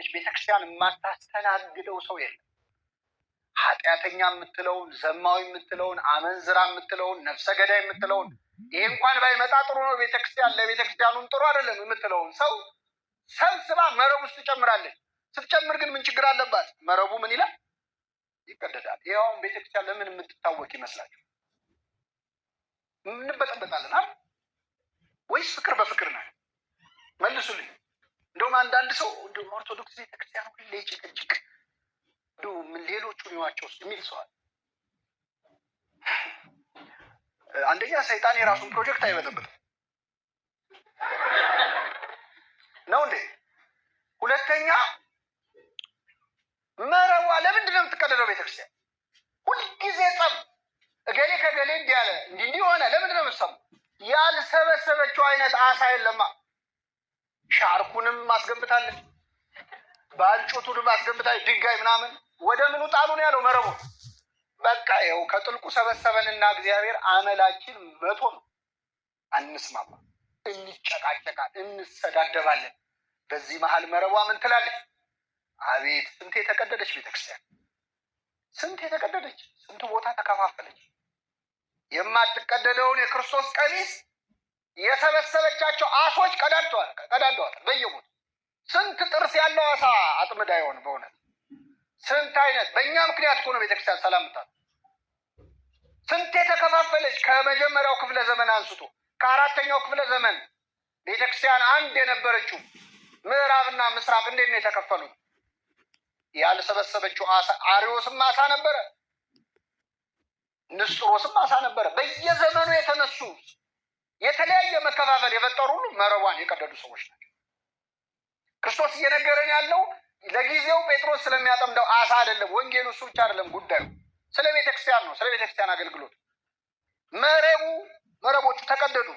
ነች። ቤተክርስቲያን የማታስተናግደው ሰው የለም። ኃጢአተኛ የምትለውን ዘማዊ የምትለውን አመንዝራ የምትለውን ነፍሰ ገዳይ የምትለውን ይሄ እንኳን ባይመጣ ጥሩ ነው። ቤተክርስቲያን ለቤተክርስቲያኑን ጥሩ አይደለም የምትለውን ሰው ሰብስባ መረብ ውስጥ ትጨምራለች። ስትጨምር ግን ምን ችግር አለባት? መረቡ ምን ይላል? ይቀደዳል። ይኸውም ቤተክርስቲያን ለምን የምትታወቅ ይመስላችሁ? እንበጠበጣለን። ወይስ ፍቅር በፍቅር ነው? መልሱልኝ። እንደውም አንዳንድ ሰው ኦርቶዶክስ ቤተክርስቲያን ሁሌ ጭቅጭቅ ሌሎቹ ሚዋቸው ውስጥ የሚል ሰዋል። አንደኛ ሰይጣን የራሱን ፕሮጀክት አይበጠበጥም ነው እንዴ? ሁለተኛ መረቧ ለምንድን ነው የምትቀደደው? ቤተክርስቲያን ሁልጊዜ ጸብ፣ እገሌ ከገሌ እንዲህ ያለ እንዲህ እንዲህ ሆነ። ለምንድን ነው የምትሰሙ? ያልሰበሰበችው አይነት አሳ የለማ ሻርኩንም አስገብታለች፣ ባልጩቱንም አስገብታለች። ድንጋይ ምናምን ወደ ምኑ ጣሉ ነው ያለው መረቡ። በቃ ይኸው ከጥልቁ ሰበሰበንና እግዚአብሔር አመላችን መቶ ነው። አንስማማ፣ እንጨቃጨቃል፣ እንሰዳደባለን። በዚህ መሀል መረቧ ምን ትላለች? አቤት ስንት የተቀደደች ቤተክርስቲያን፣ ስንት የተቀደደች፣ ስንት ቦታ ተከፋፈለች። የማትቀደደውን የክርስቶስ ቀሚስ የሰበሰበቻቸው አሶች ቀዳድተዋል ቀዳድተዋል። በየቦታው ስንት ጥርስ ያለው አሳ አጥምዳ ይሆን? በእውነት ስንት አይነት በእኛ ምክንያት እኮ ቤተክርስቲያን ሰላምታ ስንት የተከፋፈለች ከመጀመሪያው ክፍለ ዘመን አንስቶ ከአራተኛው ክፍለ ዘመን ቤተክርስቲያን አንድ የነበረችው ምዕራብና ምስራቅ እንዴት ነው የተከፈሉት? ያልሰበሰበችው አሳ አሪዎስም አሳ ነበረ፣ ንስጥሮስም አሳ ነበረ። በየዘመኑ የተነሱ የተለያየ መከፋፈል የፈጠሩ ሁሉ መረቧን የቀደዱ ሰዎች ናቸው። ክርስቶስ እየነገረን ያለው ለጊዜው ጴጥሮስ ስለሚያጠምደው አሳ አይደለም። ወንጌሉ እሱ ብቻ አይደለም ጉዳዩ፣ ስለ ቤተክርስቲያን ነው። ስለ ቤተክርስቲያን አገልግሎት መረቡ መረቦቹ ተቀደዱ።